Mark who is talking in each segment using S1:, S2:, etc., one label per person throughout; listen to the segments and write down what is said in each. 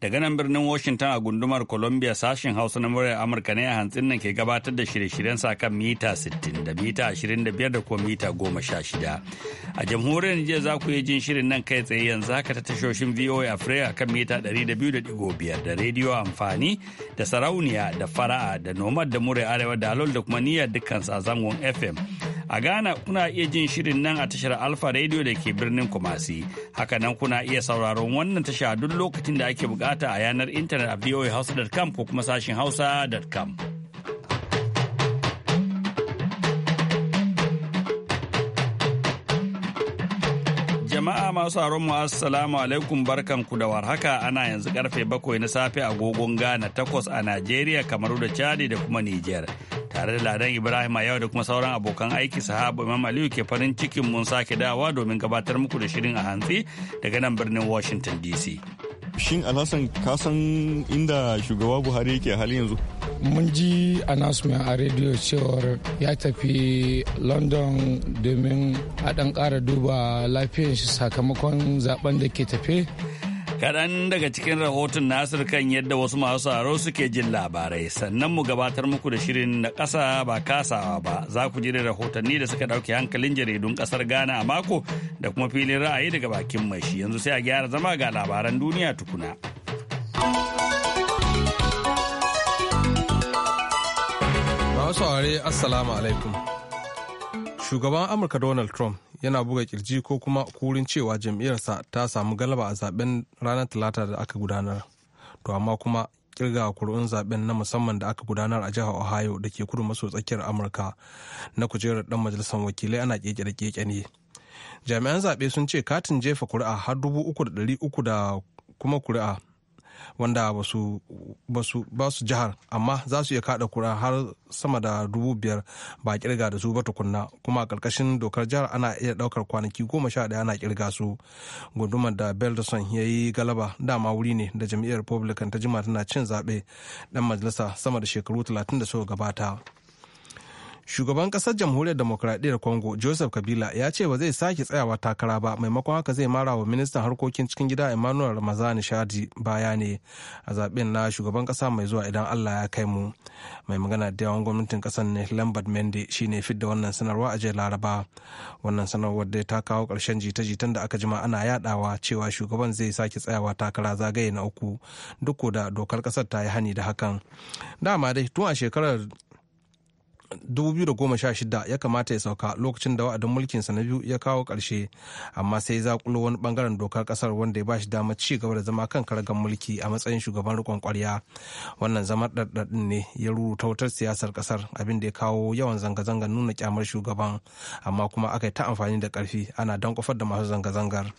S1: Daga nan birnin Washington a gundumar Columbia sashen Hausa na muryar Amurka ne a hantsin nan ke gabatar da shirye-shiryen sa kan mita 60 da mita 25 da kuma mita 16. A jamhuriyar Nijar za ku yi jin shirin nan kai tsaye yanzu haka ta tashoshin VOA Africa kan mita 200.5 da rediyo amfani da sarauniya da fara'a da nomad da muryar arewa da alol da kuma niyyar dukkan sa zangon FM. A Ghana kuna iya jin shirin nan a tashar Alfa rediyo da ke birnin Kumasi. Haka nan kuna iya sauraron wannan tasha duk lokacin da ake bukata bukata a yanar intanet a voahouse.com ko kuma sashin hausa.com. Jama'a masu haron mu assalamu alaikum barkanku da warhaka ana yanzu karfe bakwai na safe a agogon Ghana takwas a Najeriya kamaru da Chadi da kuma Nijar. Tare da Ladan Ibrahim a yau da kuma sauran abokan aiki sahabu Imam Aliyu ke farin cikin mun sake dawa domin gabatar muku da shirin a hantsi daga nan birnin Washington
S2: DC. shin alhassan ka san inda shugaba buhari yake hali yanzu
S3: mun ji announcement a rediyo cewar ya tafi london domin a ɗan ƙara duba lafiyar shi sakamakon zaben da ke tafe
S1: Kaɗan daga cikin rahoton Nasir kan yadda wasu masu saro suke jin labarai sannan mu gabatar muku da shirin na ƙasa ba kasawa ba za ku ji da rahotanni da suka ɗauke hankalin jaridun ƙasar Ghana a mako da kuma filin ra'ayi daga bakin mai shi yanzu sai a gyara zama
S4: ga labaran duniya tukuna. Masu saurare Assalamu alaikum. shugaban amurka donald trump yana buga kirji ko kuma kurin cewa jam'iyyarsa ta samu galaba a zaben ranar talata da aka gudanar to amma kuma kirga kuri'un zaben na musamman da aka gudanar a jihar ohio da ke kudu maso tsakiyar amurka na kujerar dan majalisar wakilai ana kekere da ne jami'an zaɓe sun ce katin jefa kuri'a har dubu uku da ɗari uku da kuma kuri'a wanda ba su jihar amma za su iya kada kura har sama da dubu biyar ba kirga da su ba tukunna kuma karkashin dokar jihar ana iya daukar kwanaki goma sha daya ana kirga su gundumar da belderson ya yi galaba dama wuri ne da jam'iyyar republican ta jima tana cin zaɓe dan majalisa sama da shekaru talatin da suka gabata. shugaban kasar jamhuriyar demokradiyyar congo joseph kabila ya ce ba zai sake tsayawa takara ba maimakon haka zai mara wa ministan harkokin cikin gida emmanuel ramazani shadi baya ne a zaben na shugaban kasa mai zuwa idan allah ya kai mu mai magana da yawan gwamnatin kasar ne lambert mende shine fidda wannan sanarwa a jiya laraba wannan sanarwar dai ta kawo karshen jita-jitan da aka jima ana yadawa cewa shugaban zai sake tsayawa takara zagaye na uku duk da dokar kasar ta yi hani da hakan dama dai tun a shekarar 2016 ya kamata ya sauka lokacin da wa'adin sa na biyu ya kawo ƙarshe amma sai zakulo wani bangaren dokar kasar wanda ya ba shi damar ci gaba da zama kan karagan mulki a matsayin shugaban rikon kwarya wannan zama ɗarɗaɗin ne ya rubuta wutar siyasar kasar abin da ya kawo yawan zanga-zangar nuna kyamar shugaban amma kuma aka yi ta amfani da ƙarfi ana danƙofar da masu zanga-zangar.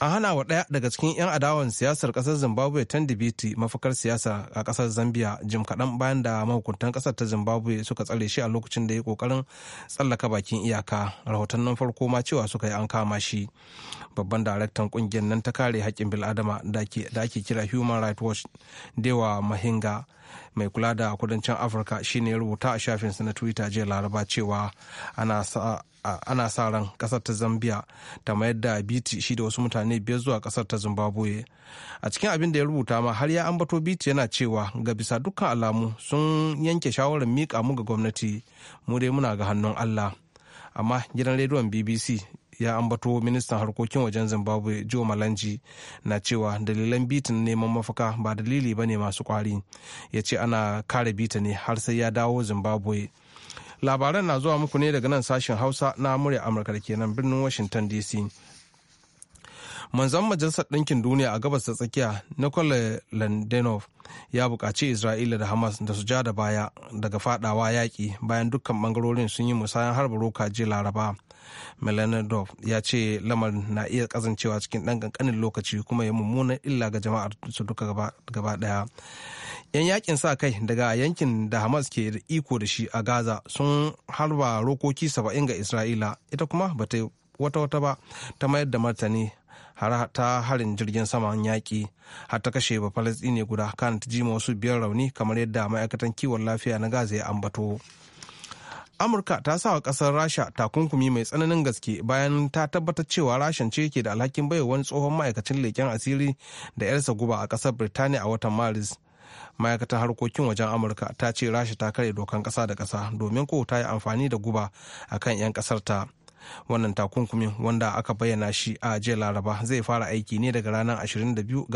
S4: a hana wa ɗaya daga cikin 'yan adawan siyasar ƙasar zimbabwe tandibiti mafakar siyasa a ƙasar zambia jim kaɗan bayan da mahukuntan ƙasar ta zimbabwe suka tsare shi a lokacin da ya ƙoƙarin tsallaka bakin iyaka rahoton nan farko ma cewa suka yi an kama shi babban daraktan ƙungiyar nan ta kare haƙƙin bil'adama da ake kira human rights watch dewa mahinga mai kula da kudancin afirka shine ya rubuta a shafinsa na twitter jiya laraba cewa ana sa ran kasar ta zambia ta mayar da biti shi da wasu mutane biyar zuwa kasar ta zimbabwe a cikin abin da ya rubuta ma har ya ambato biti yana cewa ga bisa dukkan alamu sun yanke shawarar mika mu ga gwamnati mu dai muna ga hannun allah amma gidan rediyon bbc ya ambato ministan harkokin wajen zimbabwe joe malanji na cewa dalilan bitin neman mafaka ba dalili ba ne masu kwari ya ce ana kare bita ne har sai ya dawo zimbabwe labaran na zuwa muku ne daga nan sashen hausa na murya amurka da kenan birnin washington dc manzan majalisar ɗinkin duniya a gabas ta tsakiya nicole landenov ya buƙaci isra'ila da hamas da su ja da baya daga fadawa yaƙi bayan dukkan ɓangarorin sun yi musayan harba roka jiya laraba melanidov ya ce lamar na iya kazancewa cikin ɗan kankanin lokaci kuma ya mummuna illa ga jama'ar su duka gaba ɗaya yan yakin sa kai daga yankin da hamas ke da iko da shi a gaza sun harba rokoki saba'in ga isra'ila ita kuma ba ta wata wata ba ta mayar da martani ta harin jirgin saman yaƙi har ta kashe ba falastine guda kan ta jima wasu biyar rauni kamar yadda ma'aikatan kiwon lafiya na gaza ya ambato. amurka ta sa wa kasar rasha takunkumi mai tsananin gaske bayan ta tabbatar cewa rashan ce ke da alhakin baiwa wani tsohon ma'aikacin leƙen asiri da yarsa guba a kasar birtaniya a watan maris ma'aikatar harkokin wajen amurka ta ce rasha ta karya dokan kasa da kasa domin ko ta yi amfani da guba a kan 'yan kasar ta wannan takunkumin wanda aka bayyana shi a jiya laraba zai fara aiki ne daga ranar 22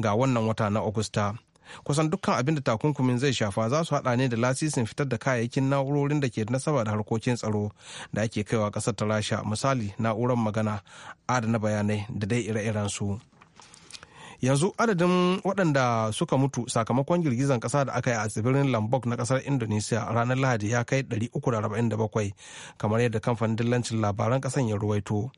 S4: ga wannan wata na agusta kusan dukkan abin da takunkumin zai shafa za su haɗa ne da lasisin fitar da kayayyakin na'urorin da ke nasaba da harkokin tsaro da ake kaiwa ƙasar ta rasha misali na'urar magana adana bayanai da dai ire-iren su yanzu adadin waɗanda suka mutu sakamakon girgizan ƙasa da aka yi a tsibirin lombok na ƙasar indonesia ranar lahadi ya kai 347 kamar yadda kamfanin dillancin labaran ƙasan ya ruwaito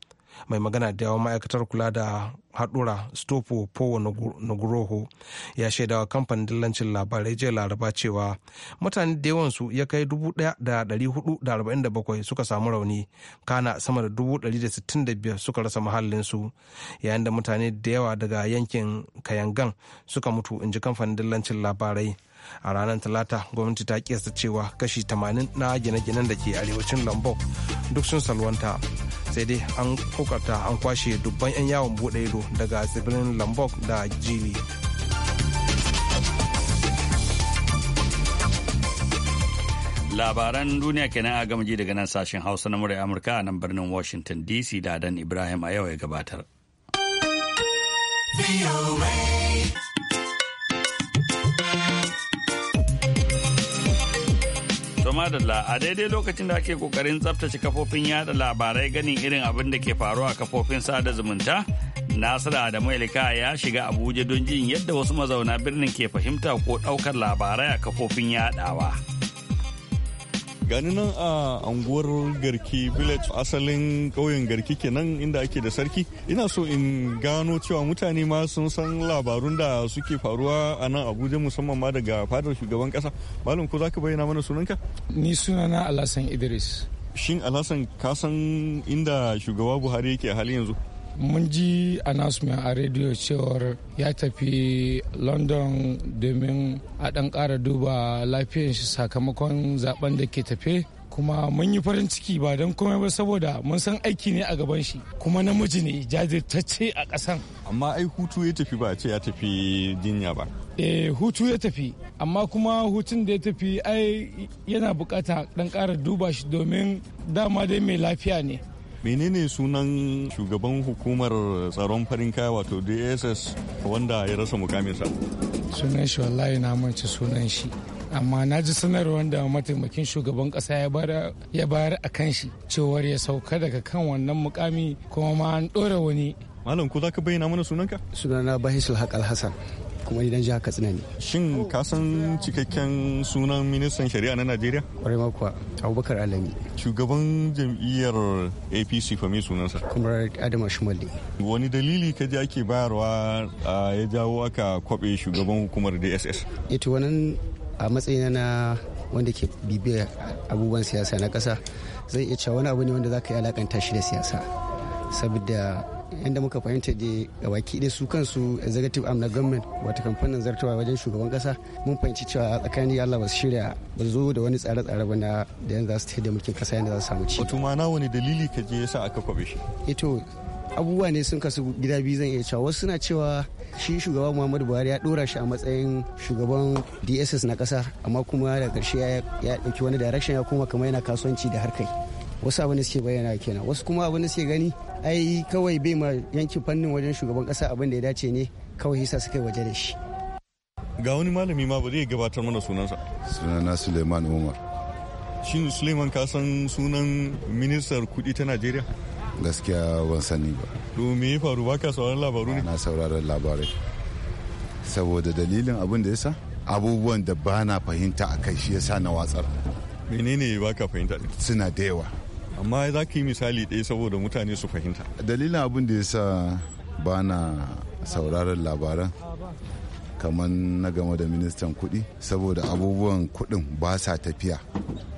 S4: mai magana da yawa ma'aikatar kula da haɗura stopo powo nuguroho ya shaidawa kamfanin dillancin labarai jiya laraba cewa mutane da su ya kai 1,447 suka samu rauni kana sama da 1,065 suka rasa mahallinsu yayin da mutane da yawa daga yankin kayangan suka mutu in ji kamfanin dillancin labarai a ranar talata gwamnati ta kiyasta cewa kashi 80 na gine-ginen da ke arewacin lombok duk sun salwanta sai dai an kokarta an kwashe dubban 'yan yawon bude ido daga tsibirin lombok da jili
S1: labaran duniya kenan a gamaji daga nan sashen hausa na murai amurka a nan birnin washington dc da dan ibrahim a yau ya gabatar. da la a daidai lokacin da ake kokarin tsaftace kafofin yada labarai ganin irin abin da ke faruwa a kafofin sada zumunta, Nasiru Adamu mailika ya shiga Abuja don jin yadda wasu mazauna birnin ke fahimta ko ɗaukar labarai a kafofin yadawa.
S2: gani nan a anguwar garki village asalin ƙauyen garki kenan inda ake da sarki ina so in gano cewa mutane ma sun san labarun da suke faruwa a nan abuja musamman ma daga fadar shugaban kasa malam ko za ka bayyana mana sunanka ni sunana alasan idris shin alhassan ka san inda shugaba buhari yake hali yanzu mun ji
S3: announcement a rediyo cewar ya tafi london domin a ɗan ƙara duba lafiyanshi sakamakon zaben da ke tafe kuma mun yi farin ciki ba don komai ba saboda mun san aiki ne a gaban shi kuma namiji ne jajirtacce a ƙasan
S2: amma ai hutu ya tafi ba ce ya tafi jinya ba eh
S3: hutu ya tafi amma kuma hutun da ya tafi ai yana bukata dan ƙara duba shi domin
S2: dama dai mai lafiya ne menene sunan shugaban hukumar tsaron farin kaya wato dss wanda ya rasa mukaminsa
S3: sunan shi wallahi na mance sunan shi amma na ji sanar wanda mataimakin shugaban kasa ya bayar a kan shi cewar ya sauka daga kan wannan mukami kuma ma an ɗora wani malam ko za ka
S2: bayyana mana sunanka sunana bahisul haƙal alhassan kuma idan jihar katsina ne shin ka san cikakken sunan ministan shari'a na najeriya kwarai makuwa abubakar alami shugaban jam'iyyar apc fa me sunansa kuma adama shimalli. wani dalili ka ji ake bayarwa ya jawo aka kwabe shugaban hukumar dss ita eh wannan
S5: a matsayina na wanda ke bibiyar abubuwan siyasa na ƙasa zai iya cewa wani abu ne wanda za ka yi alakanta shi da siyasa saboda yadda muka fahimta da gabaki ɗaya su kansu executive am na government wata kamfanin zartawa wajen shugaban kasa mun fahimci cewa tsakanin yalla ba su shirya ba zo da wani tsare-tsare ba na da yanzu za su da mulkin kasa yadda za su samu
S2: ci. Wato ma'ana wani dalili ka je yasa aka kwabe shi?
S5: Ito eh abubuwa ne sun kasu gida biyu zan iya cewa wasu suna cewa shi shugaba muhammadu buhari ya dora shi a matsayin shugaban dss na kasa amma kuma da karshe ya ɗauki wani direction ya koma kamar yana kasuwanci da harkai wasu abin da suke bayyana kenan wasu kuma abin da suke gani ai kawai bai ma yanki fannin wajen shugaban
S2: kasa abin da ya dace ne kawai yasa suka yi waje da shi ga wani malami ma ba zai gabatar mana sunansa
S6: sunana suleiman umar
S2: shin suleiman ka san sunan ministar kudi ta najeriya
S6: gaskiya ban sani ba
S2: to me ya faru baka sauraron
S6: labaru ne na sauraron labarai saboda dalilin abin da ya abubuwan da bana fahimta a kai shi ya na watsar menene baka fahimta suna da yawa
S2: amma za ka yi misali ɗaya saboda mutane su fahimta
S6: dalilin abin da ya sa ba na sauraron labaran kamar na game da ministan kuɗi saboda abubuwan kuɗin ba sa tafiya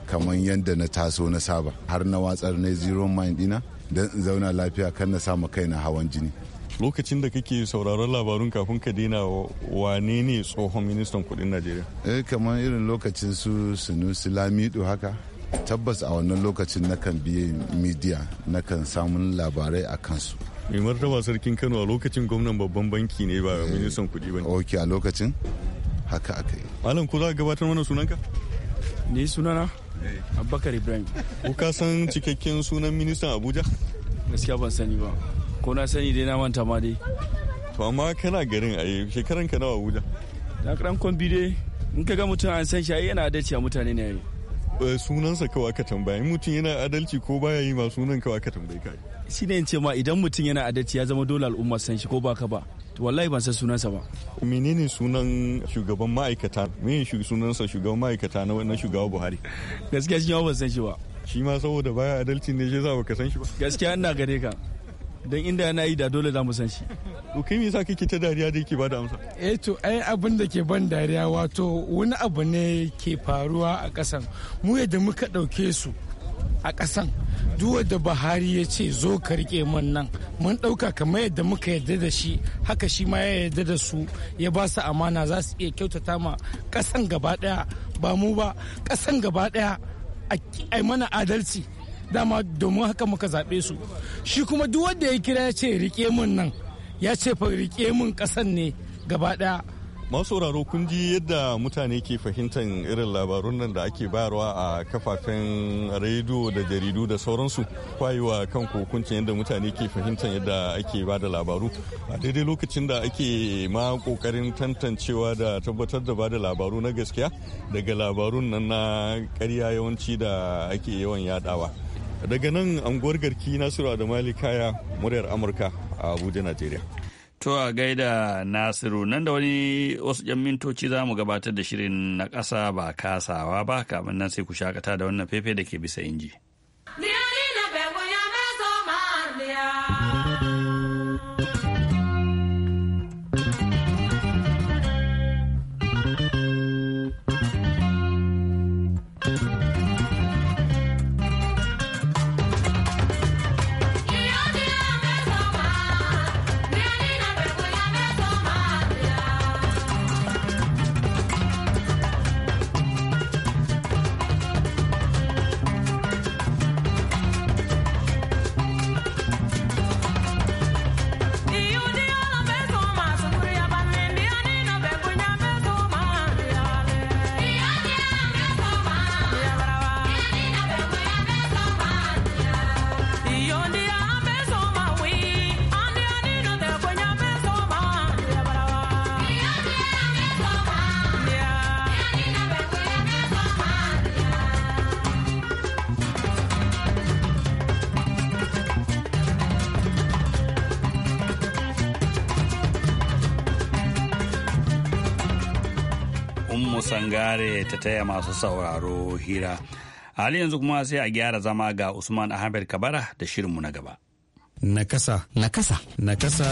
S6: kamar yadda na taso na saba har na watsar na zero mind dina don in zauna lafiya kan na samu kaina hawan jini lokacin da kake sauraron labarun
S2: kafin ka daina wane ne tsohon ministan kuɗin najeriya eh
S6: kamar irin lokacin su sunusi lamido haka tabbas a wannan lokacin na kan biye na kan samun labarai a kansu
S2: mai martaba sarkin kano a lokacin gwamnan babban banki ne ba eh, ministan kuɗi ba ne ok a lokacin haka aka yi malam ko za ka gabatar mana sunanka ni sunana eh. abubakar ibrahim ko ka san cikakken sunan ministan abuja gaskiya ban sani ba ko na sani dai na manta ma dai to amma kana garin a yi shekaran ka nawa abuja na karan kwambi dai in ka ga mutum an san shi yana da a mutane ne yayi Eh, sunansa kawai aka tambaye mutum yana adalci ko baya yi ma sunan kawai aka tambaye kai shi ne ce ma idan mutum yana adalci ya zama dole al'umma san shi ko ba ka ba wallahi ban san sunansa ba menene sunan shugaban ma'aikata me sunansa shugaban ma'aikata na wannan shugaba buhari gaskiya shi ma ban san shi ba shi ma saboda baya adalci ne shi yasa baka san shi ba gaskiya ina gare ka don inda yana yi da dole za mu san shi kai me yasa kike ta dariya da yake bada amsa
S3: eh to ai abin da ke ban dariya wato wani abu ne ke faruwa a kasan mu yadda muka ɗauke su a ƙasan duk da Buhari ya ce zo ka rike man nan mun ɗauka kamar yadda muka yarda da shi haka shi ma ya yarda da su ya ba su amana za su iya kyautata ma ƙasan gaba ɗaya ba mu ba ƙasan gaba ɗaya a mana adalci dama domin haka muka zaɓe su shi kuma duk wanda ya kira ya ce rike mun nan ya ce fa rike mun ƙasan ne gaba ɗaya
S2: masu sauraro kun ji yadda mutane ke fahimtar irin labarun nan da ake bayarwa a kafafen rediyo da jaridu da sauransu kwayewa kan kokuncin yadda mutane ke fahimtar yadda ake ba da labaru a daidai lokacin da ake ma kokarin tantancewa da tabbatar da ba da labaru na gaskiya daga labarun nan na karya yawanci da ake yawan yadawa daga nan anguwar garki nasiru adamali kaya muryar amurka a abuja najeriya
S1: to a gaida nasiru nan da wani wasu yan mintoci za mu gabatar da shirin na ƙasa ba kasawa ba kamar nan sai ku shakata da wannan fefe da ke bisa inji. mu sangare ta taya masu sauraro hira. hali yanzu kuma sai a gyara zama ga Usman Ahmed Kabara da shirinmu na gaba. Nakasa. Nakasa. Nakasa.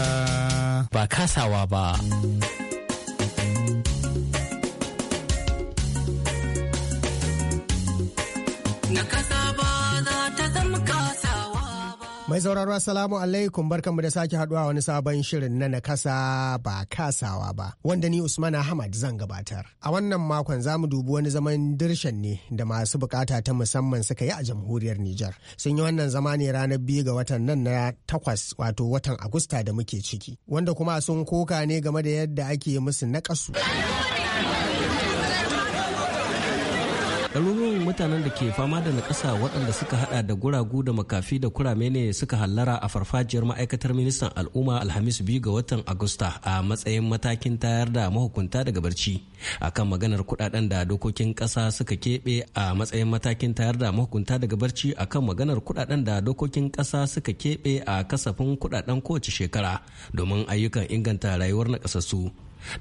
S7: Ba kasawa ba.
S8: Nakasa.
S5: Mai sauraro Assalamu alaikum barkanmu da sake haduwa wani sabon shirin na nakasa ba kasawa ba wanda ni Usman Ahmad zan gabatar. A wannan makon za mu dubi wani zaman dirshan ne da masu bukata ta musamman suka yi a jamhuriyar Nijar. Sun yi wannan zama ne ranar biyu ga watan nan na takwas wato watan Agusta da muke ciki wanda kuma sun koka ne game da yadda ake musu naƙasu.
S7: ɗaruruwan mutanen da ke fama da nakasa waɗanda suka hada da guragu da makafi da kurame ne suka hallara a farfajiyar ma'aikatar ministan al'umma alhamis biyu ga watan agusta a matsayin matakin tayar da mahukunta daga barci akan maganar kuɗaɗen da dokokin ƙasa suka keɓe a matsayin matakin tayar da mahukunta daga barci akan maganar kuɗaɗen da dokokin ƙasa suka keɓe a kasafin kuɗaɗen kowace shekara domin ayyukan inganta rayuwar nakasassu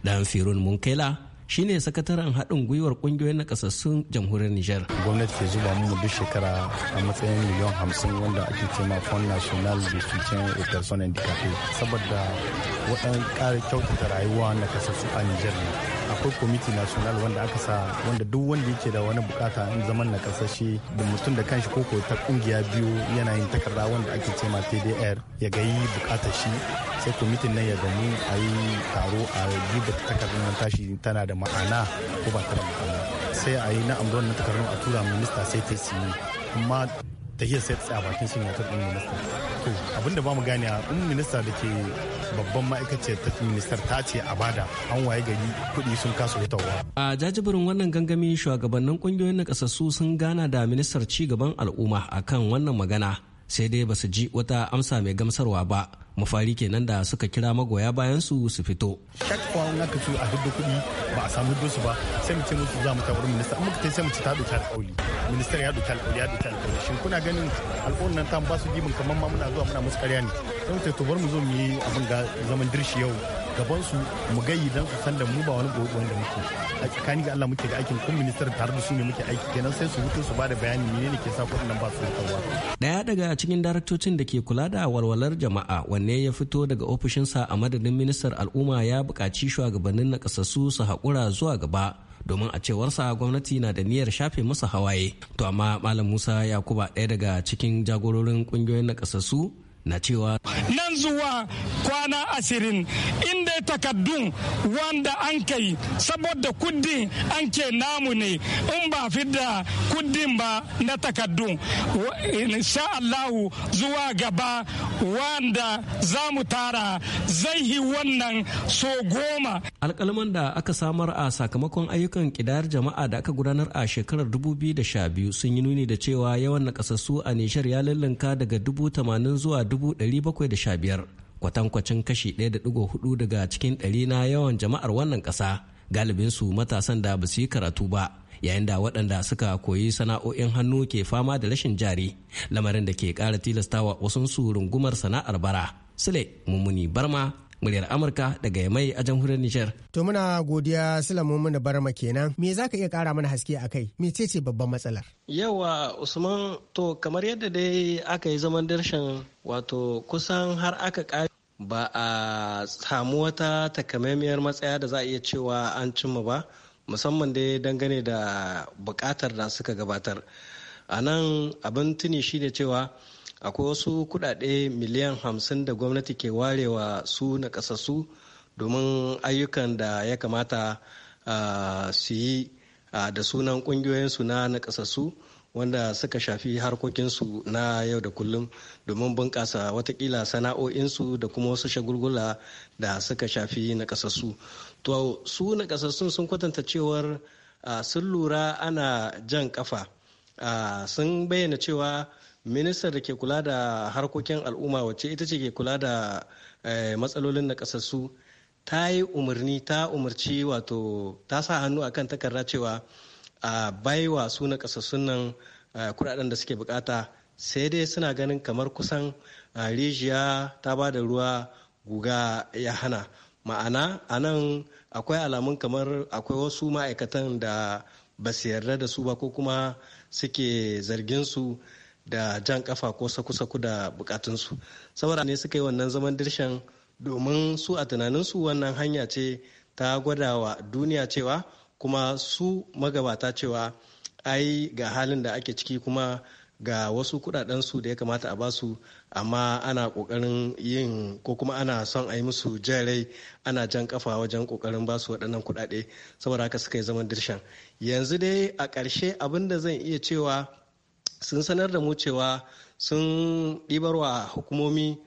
S7: dan firun munkela shine sakataren haɗin gwiwar ƙungiyoyin nakasassun jamhuriyar Nijar. Gwamnati ke zuba mu duk shekara a matsayin miliyan
S6: hamsin wanda ake cema Fond National de Soutien aux Personnes Handicapées saboda waɗan ƙarin kyautata rayuwa nakasassu a Nijar ne. akwai kwamiti national wanda aka sa wanda duk wanda yake da wani bukata in zaman na kasashe da mutum da kanshi koko ta kungiya biyu yana yin takarda wanda ake cema tdr ya gayi bukatar shi sai kwamitin nan ya gamu a yi taro a da takardun nan tashi tana da ma'ana ko ba ta da ma'ana sai a yi na amurwar na takardun a tura minista sai ta yi amma hiyar sai tsaya bakin shi ne ta ɗin minista to abinda ba mu gane a ɗin minista da ke babban ma'aikaciyar ta ministar ta ce a bada an waye gari kuɗi sun kasa hutawa.
S7: a jajibirin wannan gangami shugabannin ƙungiyoyin na ƙasassu sun gana da ministar ci gaban al'umma akan wannan magana sai dai ba su ji wata amsa mai gamsarwa ba mafari kenan da suka kira magoya bayan su su fito
S6: shak na kace a hidda kuɗi ba a samu dosu ba sai mu ce musu za mu tabar minista amma kai sai mu ci ta doki alƙawli ministar ya doki alƙawli ya doki alƙawli shin kuna ganin alƙawarin nan ta ba su gibin kamar ma muna zuwa muna musu ƙarya ne kawai to mu zo mu yi abin ga zaman dirshi yau gaban su mu gayi dan su san da mu ba wani gobe wanda muke a tsakani ga Allah muke da aikin kun ministar tare da su ne muke aiki kenan sai su mutu su bada bayani ne ke sa kudin nan ba su kawo
S7: daya daga cikin daraktocin da ke kula da walwalar jama'a wanne ya fito daga ofishinsa a madadin ministar al'umma ya buƙaci shugabannin na kasassu su haƙura zuwa gaba domin a cewarsa gwamnati na da niyyar shafe musu hawaye to amma malam musa yakuba ɗaya daga cikin jagororin ƙungiyoyin na na cewa
S3: nan zuwa kwana asirin inda takaddun wanda an kai saboda kuddin an ke namu ne in ba fidda kuddin ba na takaddun insha Allah zuwa gaba wanda za mu tara zai yi wannan so goma
S7: alkalman da aka samar a sakamakon ayyukan kidayar jama'a da aka gudanar a shekarar 2012 sun yi nuni da cewa yawan nakasassu a nishar ya lallanka daga 80,000 zuwa 715 kwatankwacin kashi 1.4 daga cikin ɗari na yawan jama'ar wannan ƙasa galibinsu matasan da ba su yi karatu ba yayin da waɗanda suka koyi sana'o'in hannu ke fama da rashin jari lamarin da ke ƙara tilastawa wasunsu rungumar sana'ar bara sule mummuni barma muryar amurka daga yamai a jamhuriyar nijar
S5: to muna godiya mun bar barma kenan me za ka iya kara mana haske a kai ce babban matsalar
S7: yawa usman to kamar yadda dai aka yi zaman darshan wato kusan har aka kare ba a samu wata takamaimiyar matsaya da za a iya cewa an cimma ba musamman dai dangane da bukatar da suka gabatar a nan abin tuni shine cewa akwai wasu kudade miliyan hamsin da gwamnati ke warewa su na kasassu domin ayyukan da ya kamata su yi da sunan kungiyoyinsu na na nakasassu wanda suka shafi harkokinsu na yau da kullum domin bunƙasa watakila sana'o'insu da kuma wasu shagulgula da suka shafi nakasassu to su na nakasassun sun kwatanta cewar sun lura ana jan kafa sun bayyana cewa ministar da ke kula da harkokin al'umma wacce ita ce ke kula da eh, matsalolin na kasassu ta yi umarni ta umarci wato ta sa hannu akan takarda cewa a baiwa su na kasassun nan eh, kudaden da suke bukata sai dai suna ganin kamar kusan eh, rijiya ta ba da ruwa guga ya hana ma'ana a nan akwai alamun kamar akwai wasu ma'aikatan da ba su yarda da su ba ko kuma suke zargin su da jan kafa ko saku-saku da bukatunsu saboda ne suka yi wannan zaman dirshan domin su a tunaninsu wannan hanya ce ta gwada wa duniya cewa kuma su magabata cewa ai ga halin da ake ciki kuma ga wasu kudadensu da ya kamata a basu amma ana kokarin yin ko kuma ana son a yi musu jarai ana jan kafa wajen kokarin basu waɗannan kudade saboda haka suka yi zaman dirshan yanzu dai a ƙarshe abinda zan iya cewa sun sanar da mu cewa sun ɗibarwa hukumomi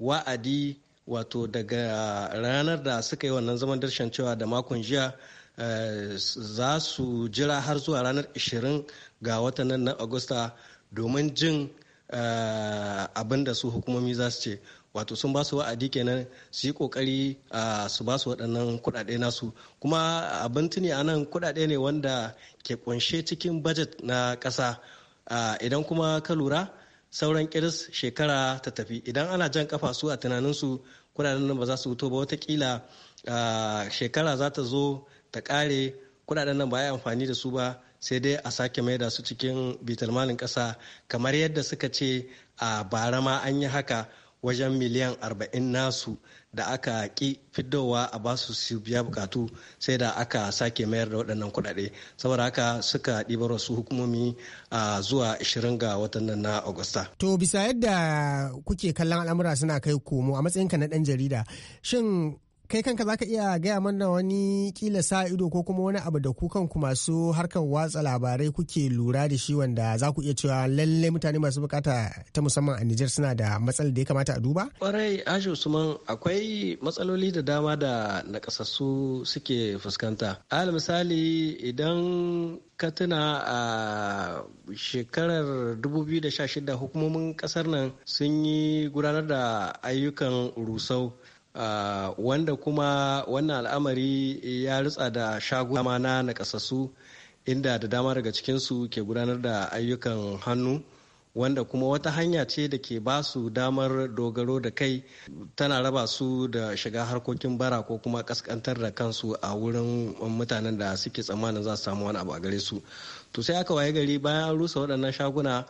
S7: wa'adi wato daga ranar da suka yi wannan zaman darshan cewa da makon jiya eh, za su jira har zuwa ranar 20 ga watan na agusta domin jin eh, abin da su hukumomi za su ce wato sun ba su wa'adi kenan su yi kokari eh, su ba su waɗannan kuɗaɗe nasu kuma abin tuni a nan kuɗaɗe ne wanda ke kunshe cikin bajet na ƙasa idan kuma ka lura sauran kiris shekara ta tafi idan ana jan kafa su a tunaninsu kudaden nan ba za su wuto ba watakila shekara za ta zo ta kare kudaden nan ba ya amfani da su ba sai dai a sake maida su cikin bitalmalin kasa kamar yadda suka ce a bara ma an yi haka wajen miliyan 40 nasu da aka ki fidowa a basu su biya bukatu sai da aka sake mayar da waɗannan kuɗaɗe saboda haka suka ɗibar wasu hukumomi a zuwa 20 ga watan nan na agusta
S5: to bisa yadda kuke kallon al'amura suna kai komo a matsayinka na ɗan jarida shin kai kanka ka iya gaya mana wani kila sa ido ko kuma wani abu da ku masu harkar watsa labarai kuke lura da shi wanda za ku iya cewa lalle mutane masu bukata ta musamman a Nijar suna da matsalar da ya kamata a duba?
S7: Kwarai Ashi Usman akwai matsaloli da dama da nakasassu suke fuskanta. Al misali idan ka tuna a shekarar 2016 hukumomin kasar nan sun yi gudanar da ayyukan rusau Uh, wanda kuma wannan al'amari ya rutsa da shaguna dama na nakasassu inda da dama daga cikinsu ke gudanar da ayyukan hannu wanda kuma wata hanya ce da ke ba su damar dogaro da kai tana raba su da shiga harkokin bara ko kuma kaskantar da kansu a wurin mutanen da suke tsammanin za su samu wani abu a gare su to sai aka waye gari bayan an rusa waɗannan shaguna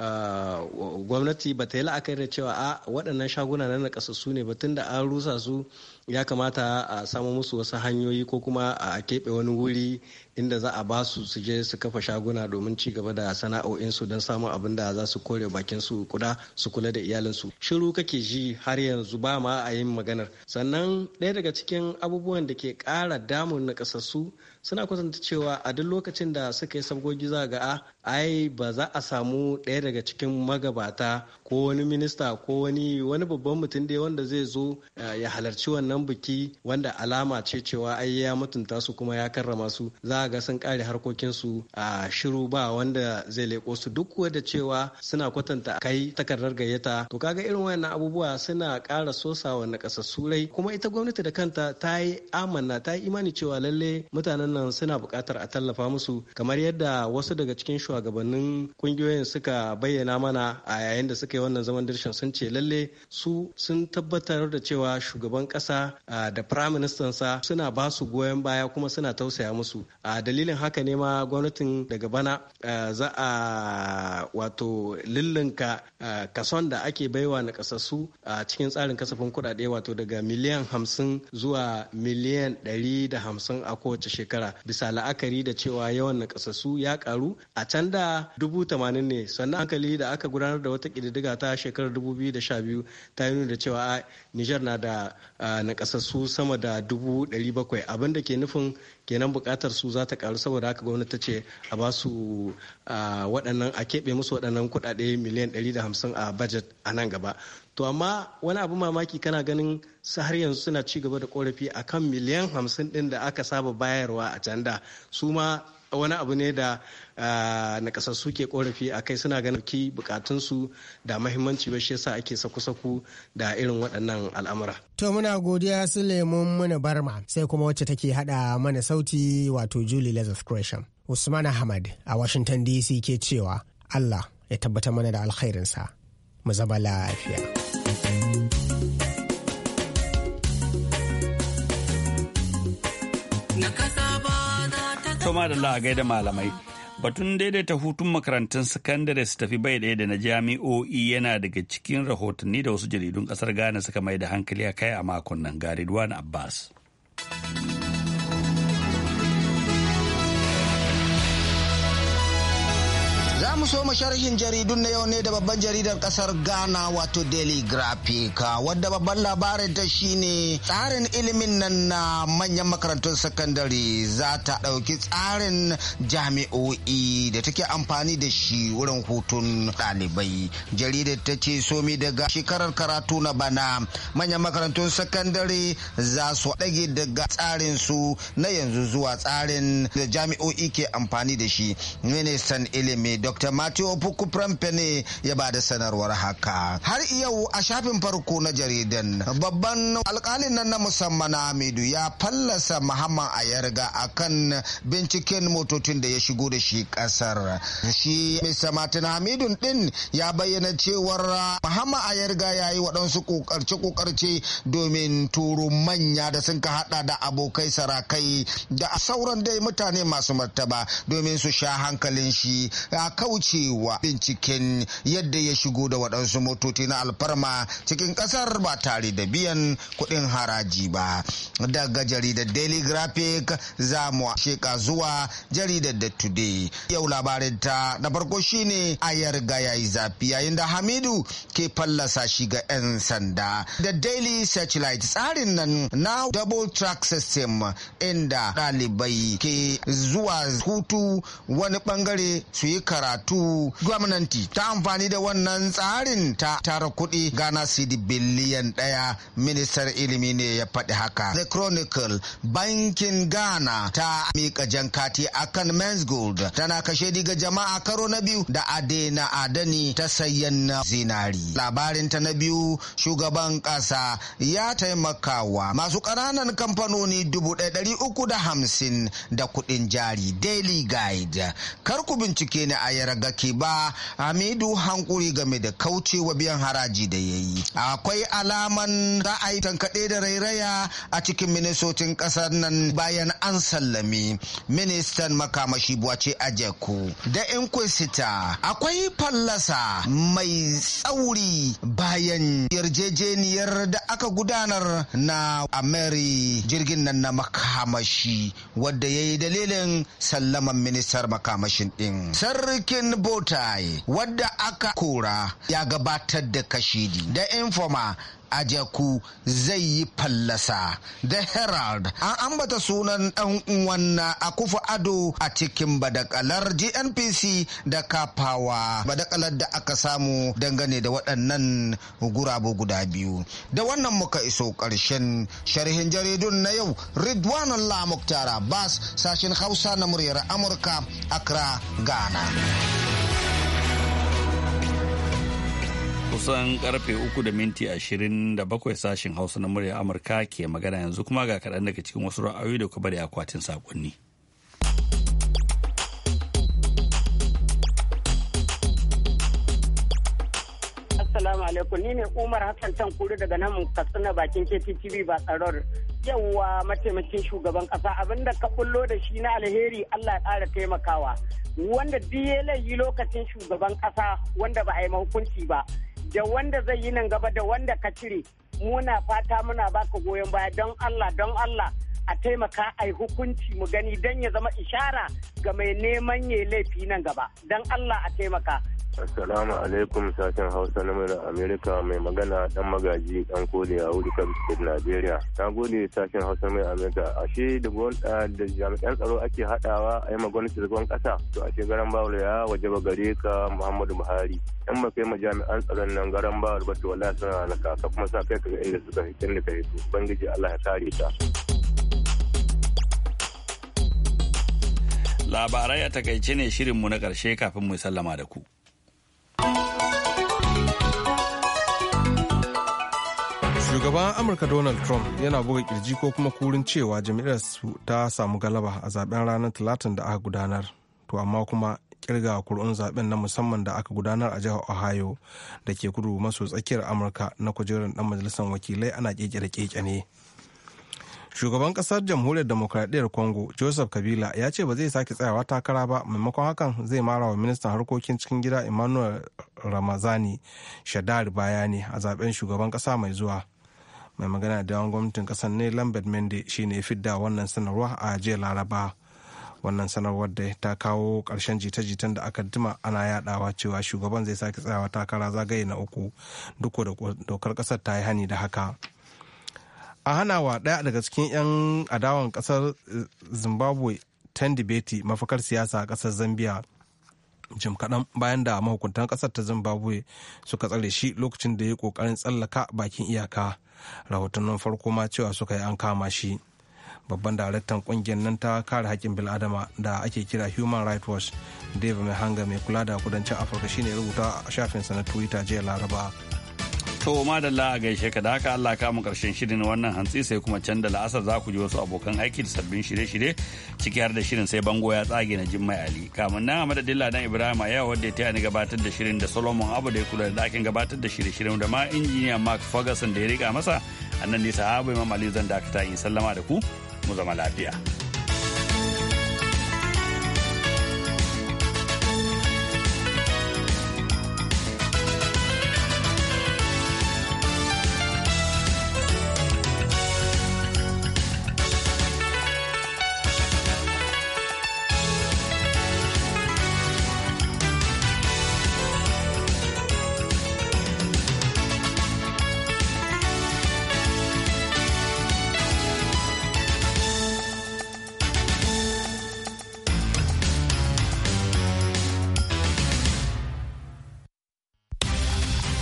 S7: gwamnati ba ta yi la'akari da cewa a waɗannan shaguna na nakasassu ne ba tunda an rusa su ya kamata a samu musu wasu hanyoyi ko kuma a keɓe wani wuri inda za a ba su su je su kafa shaguna domin ci gaba da sana'o'insu don samun abin da za su kore bakin su kuda su kula da iyalinsu shiru kake ji har yanzu ba ma a yin maganar sannan ɗaya daga cikin abubuwan da ke ƙara damun nakasassu suna kwatanta cewa a duk lokacin da suka yi sabgogi za ga ai ba za a samu ɗaya daga cikin magabata ko wani minista ko wani wani babban mutum dai wanda zai zo eh, ya halarci wannan biki wanda alama ce cewa ai ya mutunta su kuma ya karrama su za ga sun kare harkokin su a shiru ba wanda zai leko su duk kuwa da cewa suna kwatanta kai takardar gayyata to kaga irin wannan abubuwa suna kara sosawa wa kuma ita gwamnati da kanta ta yi amanna ta yi imani cewa lalle mutanen nan suna buƙatar a tallafa musu kamar yadda wasu daga cikin shugabannin kungiyoyin suka bayyana mana a yayin da suka yi wannan zaman dirshin sun ce lalle su sun tabbatar da cewa shugaban ƙasa da firaministan sa suna ba su goyon baya kuma suna tausaya musu a dalilin haka ne ma gwamnatin daga bana za a wato lillinka kason da ake baiwa na kasassu a cikin tsarin kasafin kuɗaɗe wato daga miliyan hamsin zuwa miliyan ɗari da hamsin a kowace shekara shekara bisa la'akari da cewa yawan nakasassu ya karu a can da dubu tamanin ne sannan hankali da aka gudanar da wata ƙididdiga ta shekarar dubu biyu da sha biyu ta yi da cewa nijar na da nakasassu sama da dubu dari bakwai abinda ke nufin kenan bukatar su za ta karu saboda haka gwamnati ta ce a ba su waɗannan a keɓe musu waɗannan kuɗaɗe miliyan 150 a budget a nan gaba to amma wani abu mamaki kana ganin su har yanzu suna ci gaba da korafi akan miliyan 50 ɗin da aka saba bayarwa a can da su ma wani abu ne da ah, nakasassu ke korafi a kai suna ganin ki bukatunsu da mahimmanci ba shi yasa ake saku-saku da irin waɗannan al'amura.
S5: To muna godiya su lemun muna barma sai kuma wacce take haɗa mana sauti wato Julie Lazarus Gresham. Usman Ahmad a Washington DC ke cewa Allah ya tabbatar mana da alkhairinsa. Mu zama lafiya. ma da lagai da
S1: malamai. Batun daidaita hutun makarantun sakandare su tafi bai ɗaya da na jami'o'i yana daga cikin rahotanni da wasu jaridun ƙasar Ghana suka mai da hankali a kai a makon nan ga Ridwan Abbas.
S8: mu so sharhin jaridun na yau ne da babban jaridar kasar Ghana wato Daily Graphic wadda babban labarin ta shine tsarin ilimin nan na manyan makarantun sakandare za ta ɗauki tsarin jami'o'i da take amfani da shi wurin hutun ɗalibai. Jaridar ta ce somi daga shekarar karatu na bana manyan makarantun sakandare za su ɗage daga tsarin su na yanzu zuwa tsarin da jami'o'i ke amfani da shi. Ministan ilimi ta Mateo Pukupramfene ya ba da sanarwar haka. Har yau a shafin farko na jaridan babban alkalin nan na musamman Hamidu ya fallasa Muhammad Ayarga akan binciken motocin da ya shigo da shi kasar. Shi Mr. Martin Hamidu din ya bayyana cewar Muhammad Ayarga ya yi waɗansu kokarce-kokarce domin turu manya da sun ka hada da abokai sarakai da sauran dai mutane masu martaba domin su sha hankalin shi a kaucewa binciken yadda ya shigo da waɗansu motoci na alfarma cikin ƙasar ba tare da biyan kuɗin haraji ba daga jaridar daily graphic za mu sheka zuwa jaridar da today yau labarin ta na farko shine ayar gaya zafi yayin da hamidu ke fallasa shi ga 'yan sanda da daily searchlight tsarin nan na double track system inda ɗalibai ke zuwa hutu wani bangare su yi karatu bukatu gwamnati ta amfani da wannan tsarin ta tara kuɗi gana sidi biliyan ɗaya ministar ilimi ne ya faɗi haka the chronicle bankin ghana ta mika jankati akan men's gold tana kashe diga jama'a karo na biyu da na adani ta sayan zinari labarin ta na biyu shugaban ƙasa ya taimakawa masu ƙananan kamfanoni dubu ɗari uku da hamsin da kuɗin jari daily guide kar ku bincike ni a yara daga kiba hamidu hankuri game da kaucewa biyan haraji da ya yi akwai alaman za a yi tankaɗe da rairaya a cikin ministocin ƙasar nan bayan an sallami ministan makamashi buwace ajeku da inquisitor akwai fallasa mai tsauri bayan yarjejeniyar da aka gudanar na ameri jirgin nan na makamashi wadda ya yi dalilin sallaman ministar makamashin ɗin sarki cikin botaye wadda aka kora ya gabatar da kashidi da informa. ajaku zai yi fallasa da herald an ambata sunan dan uwan na akufa ado a cikin badakalar gnpc da kafawa badakalar da aka samu dangane da waɗannan gurabu guda biyu da wannan muka iso ƙarshen sharhin jaridun na yau ridwan lamuk tara bas sashen hausa na muryar amurka accra ghana
S1: kusan karfe uku da minti ashirin da bakwai sashen hausa na murya amurka ke magana yanzu kuma ga kaɗan daga cikin wasu ra'ayoyi da kuma da akwatin saƙonni.
S8: Assalamu alaikum ni ne Umar Hassan Tankuri daga nan Katsina bakin KTTV ba yau yawwa mataimakin shugaban kasa abinda ka bullo da shi na alheri Allah ya ƙara taimakawa wanda duk ya yi lokacin shugaban kasa wanda ba a yi mahukunci ba da wanda zai yi nan gaba da wanda ka cire muna fata muna baka goyon baya don Allah don Allah a taimaka a yi hukunci mu gani don ya zama ishara ga mai neman ya laifi nan gaba don Allah a taimaka
S5: Assalamu alaikum sashen Hausa
S2: na mai Amerika mai magana dan magaji dan kole a wuri kan Najeriya. Na gode sashen Hausa mai Amerika. Ashe da eh, da jami'an tsaro ake haɗawa a yi magana da zagon ƙasa. To ashe garan bawul ya waje ba gare ka Muhammadu Buhari. Yan ba kai ma jami'an tsaron nan garan bawul ba to wala suna na kaka kuma sa kai ka ga inda suka fitin da kai to. Ubangiji Allah ya kare ta.
S1: Labarai a takaice ne shirinmu na ƙarshe kafin mu sallama da ku.
S4: shugaban amurka donald trump yana buga kirji ko kuma kurin cewa jam'iyyar su ta samu galaba a zaben ranar talatin da aka gudanar to amma kuma kirga kur'un zaben na musamman da aka gudanar a jihar ohio da ke kudu maso tsakiyar amurka na kujerar dan majalisar wakilai ana kekere da keke ne shugaban kasar jamhuriyar demokradiyyar congo joseph kabila ya ce ba zai sake tsayawa takara ba maimakon hakan zai mara wa ministan harkokin cikin gida emmanuel ramazani shadari bayani a zaben shugaban kasa mai zuwa mai magana da yawan gwamnatin kasar ne lambert mende shine fidda wannan sanarwa a jiya laraba wannan sanarwar da ta kawo ƙarshen jita-jitan da aka dima ana yadawa cewa shugaban zai sake tsayawa takara zagaye na uku duk da dokar ƙasar ta yi hani da haka a hanawa ɗaya daga cikin 'yan adawan ƙasar eh, zimbabwe tendibeti mafakar siyasa a ƙasar zambia jim kaɗan bayan da mahukuntan ƙasar ta zimbabwe suka tsare shi lokacin da ya yi ƙoƙarin tsallaka bakin iyaka rahotannin farko ma cewa suka yi an kama shi babban daraktan kungiyar nan ta kare haƙƙin bil'adama da ake kira human rights watch dave mai hanga mai kula da kudancin afirka shine rubuta a shafinsa na twitter jiya laraba
S1: To da a gaishe ka da haka Allah ka mu karshen shirin wannan hantsi sai kuma can da la'asar za ku ji wasu abokan aiki da sabbin shirye-shirye ciki har da shirin sai bango ya tsage na Jimmai Ali. Kamun nan a madadin Ladan Ibrahim ya wanda wadda ya ni gabatar da shirin da Solomon Abu da ya kula da dakin gabatar da shirye-shiryen da ma injiniya Mark Ferguson da ya rika masa a nan ne Imam Ali zan dakata in sallama da ku mu zama lafiya.